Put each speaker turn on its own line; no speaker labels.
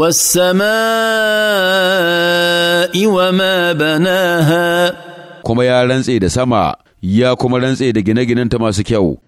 والسماء وما بناها kuma ya rantse da sama ya kuma rantse da gine ta masu kyau